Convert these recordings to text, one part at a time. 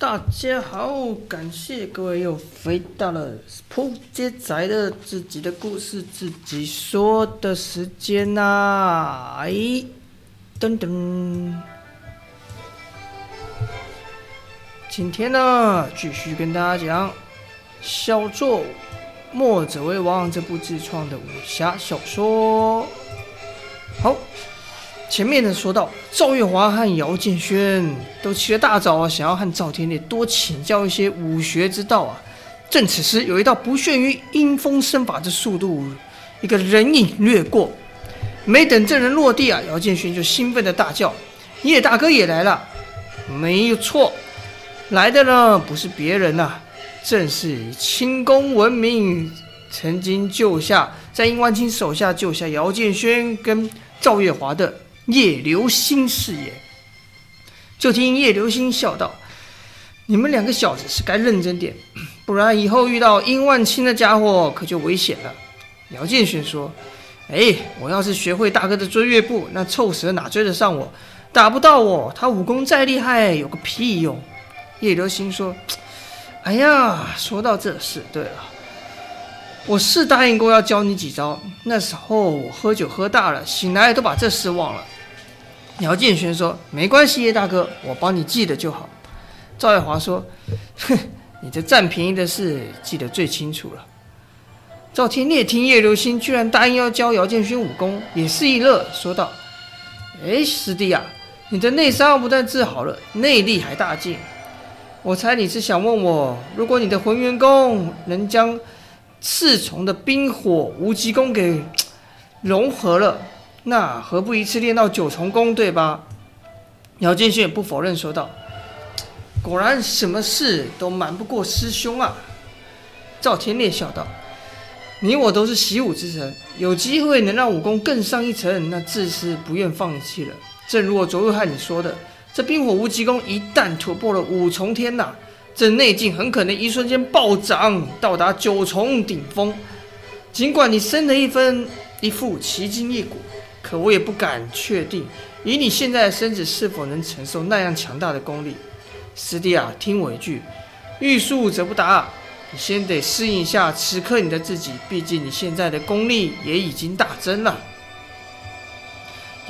大家好，感謝各位又回到了撲街仔的自己的故事自己說的時間吶，哎！噔噔，今天呢，繼續跟大家講《小作墨者為王》這部自創的武俠小說。好。前面呢說到，趙月華和姚建軒都起了大早啊，想要和趙天烈多請教一些武學之道啊。正此時，有一道不遜於陰風身法之速度，一個人影掠過。沒等這人落地啊，姚建軒就興奮的大叫：“葉大哥也來了！”沒有錯，來的呢不是別人吶、啊，正是以輕功聞名，曾經救下在陰萬青手下救下姚建軒跟趙月華的。葉流星是也，就聽葉流星笑道：“你們兩個小子是該認真點，不然以後遇到殷萬清那家伙可就危險了。”姚建勳說：“哎，我要是學會大哥的追月步，那臭蛇哪追得上我？打不到我，他武功再厲害有個屁用，哦。”葉流星說：“哎呀，說到這事，是對了。”我是答應過要教你幾招，那時候我喝酒喝大了，醒來都把這事忘了。姚建軒說：“沒關係，葉大哥，我幫你記得就好。”趙愛華說：“哼，你這占便宜的事記得最清楚了。”趙天烈聽葉流星居然答應要教姚建軒武功，也是一樂，說道：“哎、欸，師弟啊，你的內傷不但治好了，內力還大進。我猜你是想問我，如果你的混元功能將……”四重的冰火無極功給融合了，那何不一次練到九重功，對吧？姚建勳也不否認說道：“果然什麼事都瞞不過師兄啊。”趙天烈笑道：“你我都是習武之人，有機會能讓武功更上一層，那自是不願放棄了。正如我昨日和你說的，這冰火無極功一旦突破了五重天吶、啊。”這內勁很可能一瞬間暴漲，到達九重頂峰。儘管你生了一分一副奇筋異骨，可我也不敢確定，以你現在的身子是否能承受那樣強大的功力。師弟啊，聽我一句，欲速則不達，你先得適應一下此刻你的自己。畢竟你現在的功力也已經大增了。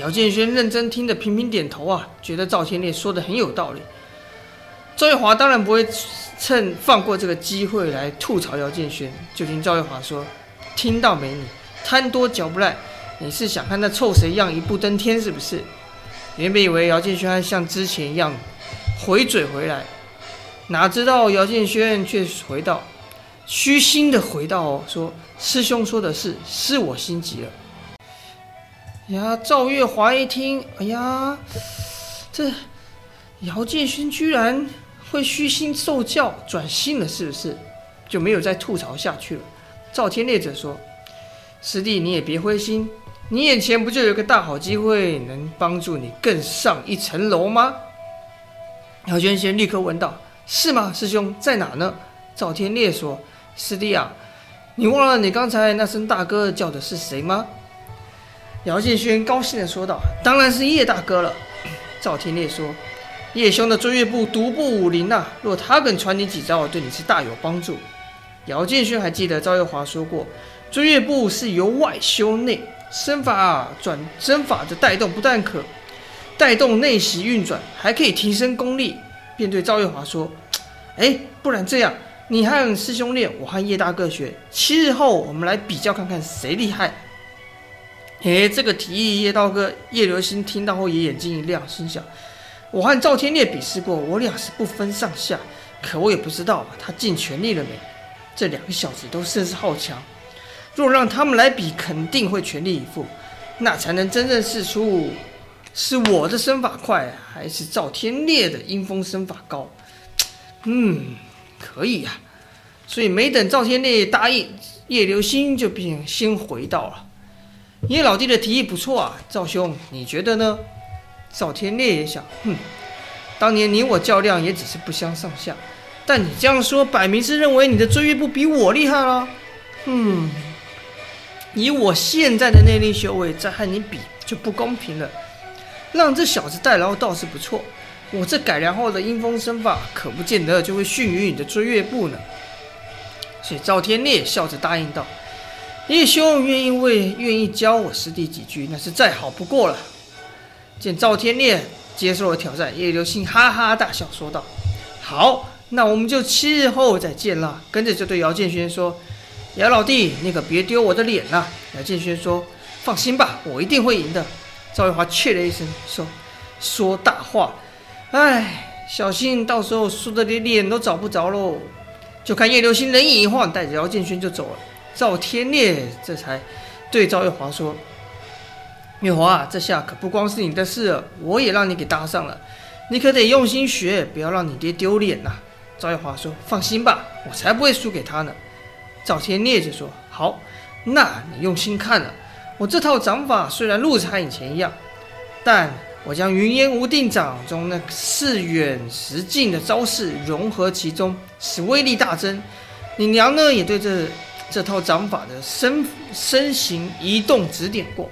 姚建軒認真聽的頻頻點頭啊，覺得趙天烈說的很有道理。趙月華當然不會趁放過這個機會來吐槽姚建軒，就聽趙月華說：“聽到沒你貪多嚼不爛，你是想看那臭誰一樣一步登天是不是？”原本以為姚建軒像之前一樣回嘴回來，哪知道姚建軒卻回道，虛心的回道哦，說師兄說的是，是我心急了。哎”呀，趙月華一聽，哎呀，這姚建軒居然！會虛心受教轉心了，是不是？就沒有再吐槽下去了。趙天烈者說：“師弟，你也別灰心，你眼前不就有個大好機會，能幫助你更上一層樓嗎？”姚建軒立刻問道：“是嗎？師兄在哪呢？”趙天烈說：“師弟啊，你忘了你剛才那聲大哥叫的是誰嗎？”姚建軒高興地說道：“當然是葉大哥了。”趙天烈說。葉兄的追月步獨步武林吶、啊，若他肯傳你幾招，對你是大有幫助。姚建勳還記得趙月華說過，追月步是由外修內身法轉，轉身法的帶動，不但可帶動內息運轉，還可以提升功力。便對趙月華說：“哎，不然這樣，你和師兄練，我和葉大哥學，七日後我們來比較看看誰厲害。”誒，誒，這個提議，葉道哥、葉流星聽到後也眼睛一亮，心想。我和趙天烈比試過，我倆是不分上下。可我也不知道他盡全力了沒。這兩個小子都甚是好強，若讓他們來比，肯定會全力以赴，那才能真正試出是我的身法快，還是趙天烈的陰風身法高。嗯，可以呀。所以沒等趙天烈答應，葉流星就便先回道了：“葉老弟的提議不錯啊，趙兄，你覺得呢？”趙天烈也想，哼，當年你我較量也只是不相上下，但你這樣說，擺明是認為你的追月步比我厲害了。嗯，以我現在的內力修為，再和你比就不公平了。讓這小子代勞倒是不錯，我這改良後的陰風身法，可不見得就會遜於你的追月步呢。所以趙天烈笑着答應道：“葉兄願意為願意教我師弟幾句，那是再好不過了。”見趙天烈接受了挑戰，葉流星哈哈大笑說道：“好，那我們就七日後再見了。”跟着就對姚建軒說：“姚老弟，你可別丟我的臉了。”姚建軒說：“放心吧，我一定會贏的。”趙月華切了一聲說：“說大話，哎，小心到時候輸得連臉都找不着嘍。”就看葉流星人影一晃，帶着姚建軒就走了。趙天烈這才對趙月華說。月華，這下可不光是你的事了，我也讓你給搭上了。你可得用心學，不要讓你爹丟臉吶。趙月華說：“放心吧，我才不會輸給他呢。”趙天烈就說：“好，那你用心看了。我這套掌法雖然路子和以前一樣，但我將雲煙無定掌中那四遠十近的招式融合其中，使威力大增。你娘呢，也對這這套掌法的身身形移動指點過。”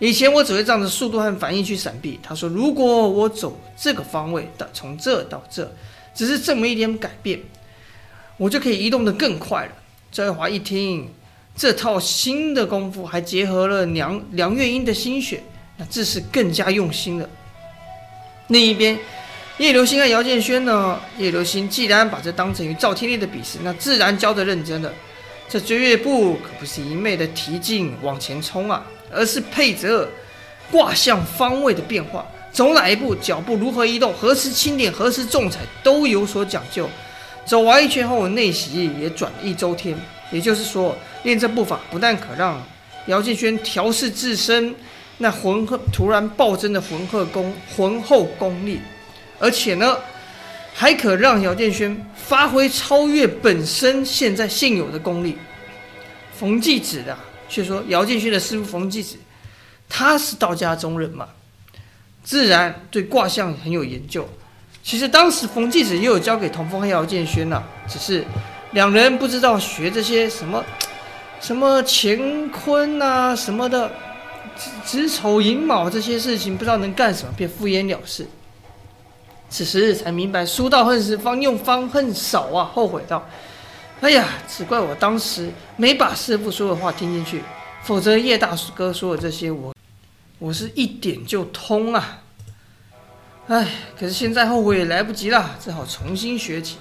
以前我只會仗着速度和反應去閃避。他說：“如果我走這個方位的，從這到這，只是這麼一點改變，我就可以移動得更快了。”周月華一聽，這套新的功夫還結合了梁梁月英的心血，那自是更加用心了。另一邊，葉流星和姚建軒呢？葉流星既然把這當成與趙天麗的比試，那自然教得認真了。這追月步可不是一昧的提勁往前衝啊，而是配著卦象方位的變化，走哪一步，腳步如何移動，何時輕點，何時重踩，都有所講究。走完一圈後，內息也轉一周天。也就是說，練這步法不但可讓姚勁軒調試自身那渾厚突然暴增的渾厚功、渾厚功力，而且呢。還可讓姚建軒發揮超越本身現在現有的功力。馮繼子的卻說，姚建軒的師傅馮繼子，他是道家中人嘛，自然對卦象很有研究。其實當時馮繼子也有交給童風和姚建軒吶、啊，只是兩人不知道學這些什麼什麼乾坤吶、啊、什麼的，子丑寅卯這些事情不知道能幹什麼，便敷衍了事。此時才明白“書到恨時方用方恨少”啊，後悔道：“哎呀，只怪我當時沒把師傅說的話聽進去，否則葉大師哥說的這些我，我我是一點就通啊。”哎，可是現在後悔也來不及了，只好重新學起。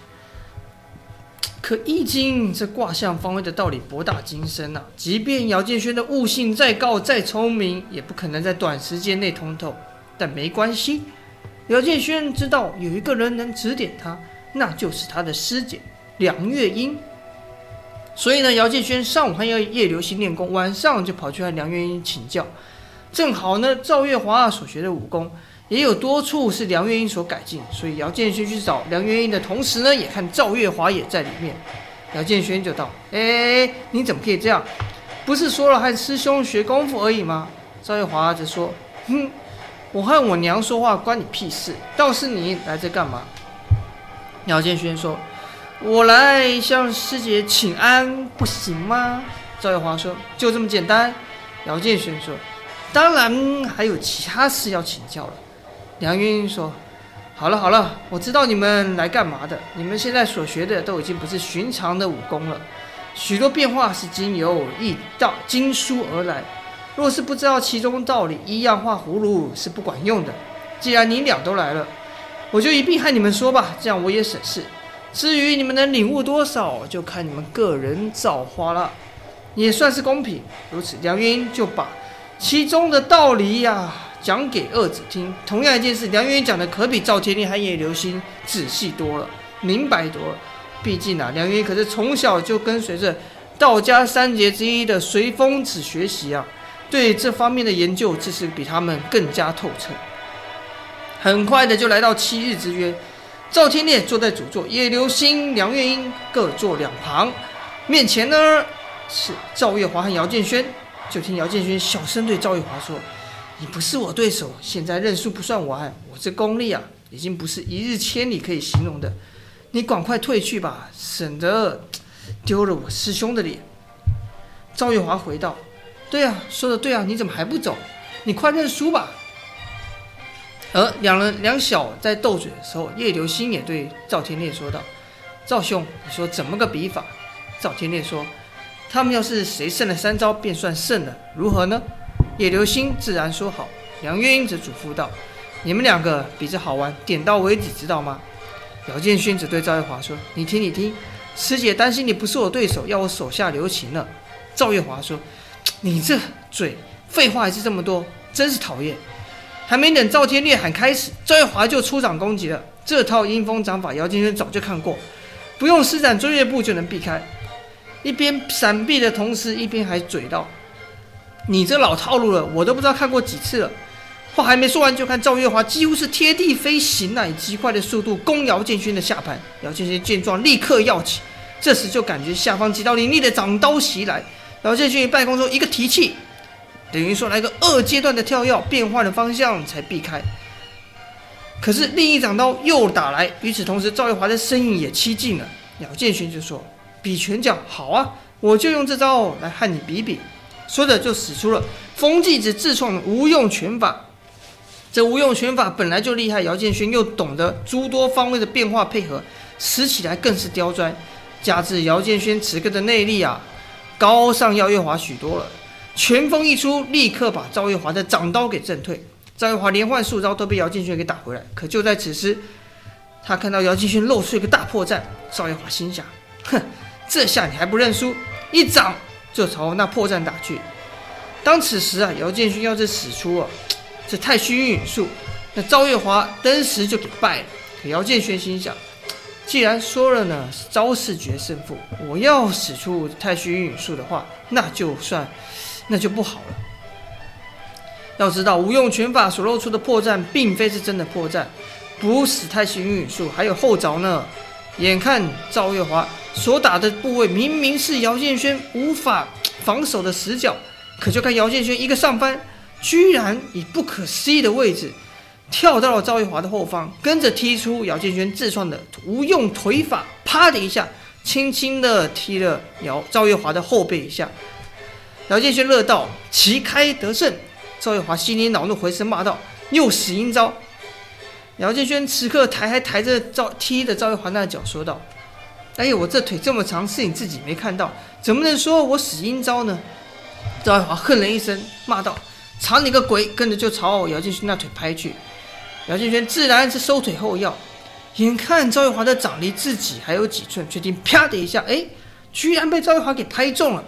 可《易經》這卦象方位的道理博大精深吶啊，即便姚建軒的悟性再高再聰明，也不可能在短時間內通透。但沒關係。姚建軒知道有一個人能指點他，那就是他的師姐梁月英。所以呢，姚建軒上午和葉流星練功，晚上就跑去和梁月英請教。正好呢，趙月華所學的武功也有多處是梁月英所改進，所以姚建軒去找梁月英的同時呢，也看趙月華也在裡面。姚建軒就道：“哎，你怎麼可以這樣？不是說了和師兄學功夫而已嗎？”趙月華則說：“哼。”我和我娘說話關你屁事！倒是你來這幹嘛？姚建軒說：“我來向師姐請安，不行嗎？”趙月華說：“就這麼簡單。”姚建軒說：“當然，還有其他事要請教了。”梁雲說：“好了好了，我知道你們來幹嘛的。你們現在所學的都已經不是尋常的武功了，許多變化是經由一道經書而來。”若是不知道其中道理，一樣畫葫蘆是不管用的。既然你倆都來了，我就一併和你們說吧，這樣我也省事。至於你們能領悟多少，就看你們個人造化了，也算是公平。如此，梁雲英就把其中的道理呀、啊、講給二子聽。同樣一件事，梁雲英講的可比趙天立和葉流星仔細多了，明白多了。畢竟啊，梁雲英可是從小就跟隨着道家三傑之一的隨風子學習啊。對這方面的研究，只是比他們更加透徹。很快的就來到七日之約，趙天烈坐在主座，葉流星、梁月英各坐兩旁，面前呢是趙月華和姚建軒。就聽姚建軒小聲對趙月華說：“你不是我對手，現在認輸不算完。我這功力啊，已經不是一日千里可以形容的。你趕快退去吧，省得丟了我師兄的臉。”趙月華回道。對啊，說的對啊，你怎麼還不走？你快認輸吧！而、呃、兩人兩小在鬥嘴的時候，葉流星也對趙天烈說道：“趙兄，你說怎麼個比法？”趙天烈說：“他們要是誰勝了三招，便算勝了，如何呢？”葉流星自然說好。楊月英則囑咐道：“你們兩個比着好玩，點到為止，知道嗎？”姚建勳則對趙月華說：“你聽，你聽，師姐擔心你不是我對手，要我手下留情了。”趙月華說。你這嘴，廢話還是這麼多，真是討厭！還沒等趙天烈喊開始，趙月華就出掌攻擊了。這套陰風掌法，姚建勳早就看過，不用施展追月步就能避開。一邊閃避的同時，一邊還嘴道：“你這老套路了，我都不知道看過幾次了。”話還沒說完，就看趙月華幾乎是貼地飛行，那以極快的速度攻姚建勳的下盤。姚建勳見狀立刻躍起，這時就感覺下方幾道凌厲的掌刀襲來。姚建勳於半空中一個提氣，等於說來個二階段的跳躍，變化的方向才避開。可是另一掌刀又打來，與此同時趙玉華的身影也趨近了。姚建勳就說：“比拳腳好啊，我就用這招來和你比比。”說着就使出了風繼子自創的無用拳法。這無用拳法本來就厲害，姚建勳又懂得諸多方位的變化配合，使起來更是刁鑽。加之姚建勳此刻的內力啊！高上姚月華許多了，拳風一出，立刻把趙月華的掌刀給震退。趙月華連換數招，都被姚建勳給打回來。可就在此時，他看到姚建勳露出一個大破綻。趙月華心想：哼，這下你還不認輸？一掌就朝那破綻打去。當此時啊，姚建勳要是使出啊這太虛運影術，那趙月華登時就給敗了。可姚建勳心想。既然說了呢，招式決勝負。我要使出太虛雲影術的話，那就算，那就不好了。要知道，無用拳法所露出的破綻，並非是真的破綻。不使太虛雲影術，還有後招呢。眼看趙月華所打的部位，明明是姚建軒無法防守的死角，可就看姚建軒一個上翻，居然以不可思議的位置，跳到了趙月華的後方，跟着踢出姚建軒自創的無用腿法，啪的一下，輕輕的踢了姚趙月華的後背一下。姚建軒樂道，旗開得勝。趙月華心裡惱怒，回身罵道：“又使陰招！”姚建軒此刻抬還抬着，踢着趙，踢着趙月華那腳，說道：“哎呦，我這腿這麼長，是你自己沒看到，怎麼能說我使陰招呢？”趙月華哼了一聲，罵道：“長你個鬼！”跟着就朝姚建軒那腿拍去。姚建軒自然是收腿後腰，眼看趙玉華的掌離自己還有幾寸，卻聽啪的一下，哎、欸，居然被趙玉華給拍中了。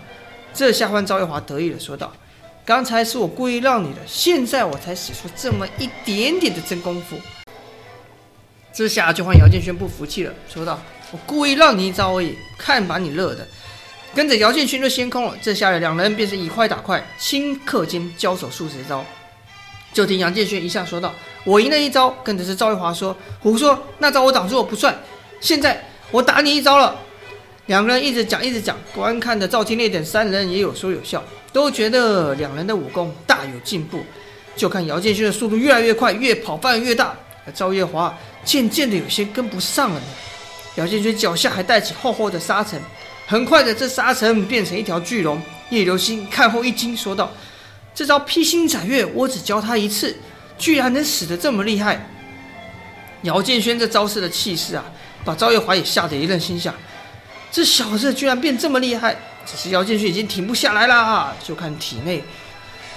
這下換趙玉華得意的說道：“剛才是我故意讓你的，現在我才使出這麼一點點的真功夫。”這下就換姚建軒不服氣了，說道：“我故意讓你一招而已，看把你樂的！”跟着姚建軒就先空了。這下兩人便是以快打快，頃刻間交手數十招。就聽楊建軒一下說道：“我贏了一招。”跟著是趙月華說：“胡說，那招我擋住我不算。現在我打你一招了。”兩個人一直講一直講，觀看的趙天烈等三人也有說有笑，都覺得兩人的武功大有進步。就看姚建軒的速度越來越快，越跑範圍越大，而趙月華漸漸的有些跟不上了。姚建軒腳下還帶起厚厚的沙塵，很快的這沙塵變成一條巨龍。葉流星看後一驚說，說道。這招披星斬月，我只教他一次，居然能死得這麼厲害！姚建軒這招式的氣勢啊，把趙月華也嚇得一愣，心想：這小子居然變這麼厲害！只是姚建軒已經停不下來了，就看體內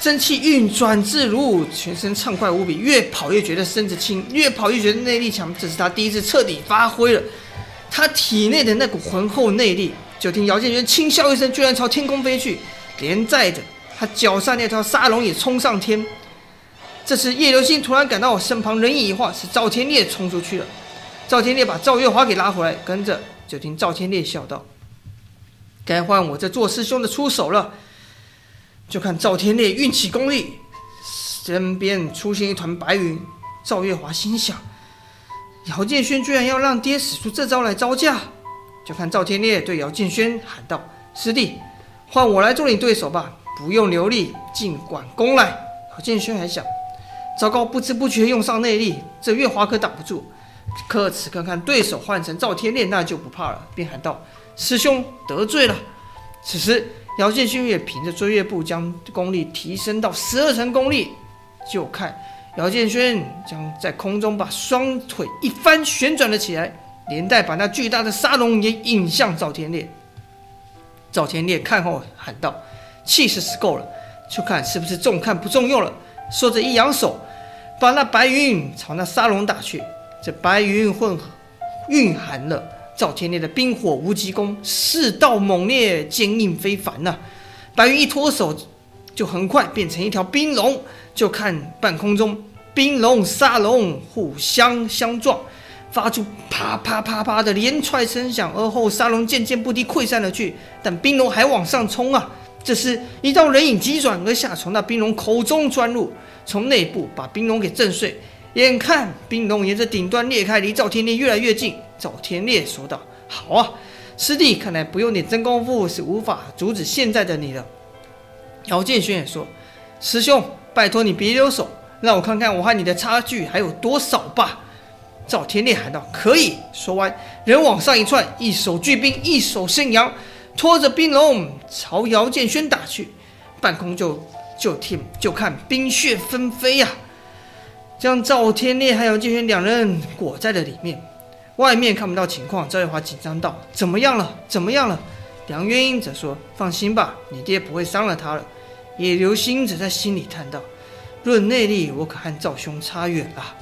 真氣運轉自如，全身暢快無比，越跑越覺得身子輕，越跑越覺得內力強。這是他第一次徹底發揮了他體內的那股渾厚內力。就聽姚建軒輕笑一聲，居然朝天空飛去，連帶着。腳上那條沙龍也衝上天。這時，葉流星突然趕到我身旁，人影一晃，是趙天烈衝出去了。趙天烈把趙月華給拉回來，跟着就聽趙天烈笑道：“該換我這做師兄的出手了，就看趙天烈運起功力。”身邊出現一團白雲，趙月華心想：“姚建軒居然要讓爹使出這招來招架。”就看趙天烈對姚建軒喊道：“師弟，換我來做你對手吧。”「不用留力，儘管攻來。」姚建勳還想，糟糕，不知不覺用上內力，這月華可擋不住。可此刻看對手換成趙天烈，那就不怕了，便喊道：“師兄，得罪了。”此時，姚建勳也憑着追月步將功力提升到十二成功力。就看姚建勳，將在空中把雙腿一翻旋轉了起來，連帶把那巨大的沙龍也引向趙天烈。趙天烈看後喊道。氣勢是夠了，就看是不是中看不中用了。說着一揚手，把那白雲朝那沙龍打去。這白雲混合蘊含了趙天烈的冰火無極功，勢道猛烈，堅硬非凡吶、啊。白雲一脫手，就很快變成一條冰龍。就看半空中冰龍沙龍互相相撞，發出啪啪啪啪的連串聲響。而後沙龍漸漸不敵潰散了去，但冰龍還往上衝啊。這時，一道人影急轉而下，從那冰龍口中鑽入，從內部把冰龍給震碎。眼看冰龍沿着頂端裂開，離趙天烈越來越近。趙天烈說道：“好啊，師弟，看來不用點真功夫是無法阻止現在的你了。”姚建勳也說：“師兄，拜托你別留手，讓我看看我和你的差距還有多少吧。”趙天烈喊道：“可以！”說完，人往上一竄，一手巨冰，一手升陽。拖着冰龍朝姚建軒打去，半空就就聽就看冰雪紛飛呀、啊，將趙天烈和姚建軒兩人裹在了裡面，外面看不到情況。趙月華緊張道：“怎麼樣了？怎麼樣了？”梁元英則說：“放心吧，你爹不會傷了他了。”野流星則在心裡嘆道：“論內力，我可和趙兄差遠了、啊。”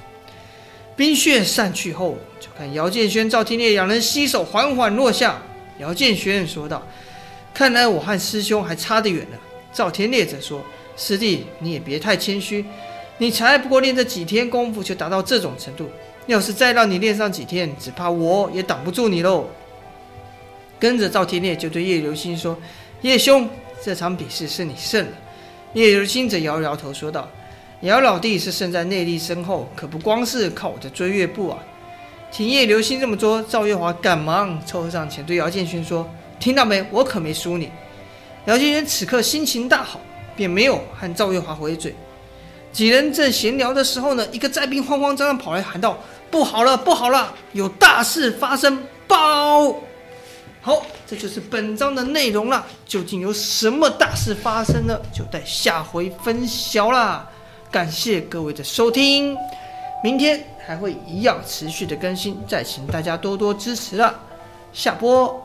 冰雪散去後，就看姚建軒、趙天烈兩人攜手緩緩落下。姚建軒說道：“看來我和師兄還差得遠呢。”趙天烈則說：“師弟，你也別太謙虛，你才不過練這幾天功夫，就達到這種程度。要是再讓你練上幾天，只怕我也擋不住你嘍。”跟着趙天烈就對葉流星說：“葉兄，這場比試是你勝了。”葉流星則搖了搖頭說道：“姚老弟是勝在內力深厚，可不光是靠我的追月步啊。”聽葉流星這麼說，趙月華趕忙湊上前對姚建勳說：“聽到沒？我可沒輸你。”姚建勳此刻心情大好，便沒有和趙月華回嘴。幾人正閒聊的時候呢，一個災兵慌慌張張跑來喊道：“不好了，不好了，有大事發生！報！”好，這就是本章的內容了。究竟有什麼大事發生呢？就待下回分曉啦。感謝各位的收聽，明天。還會一樣持續的更新，再請大家多多支持了，下播哦。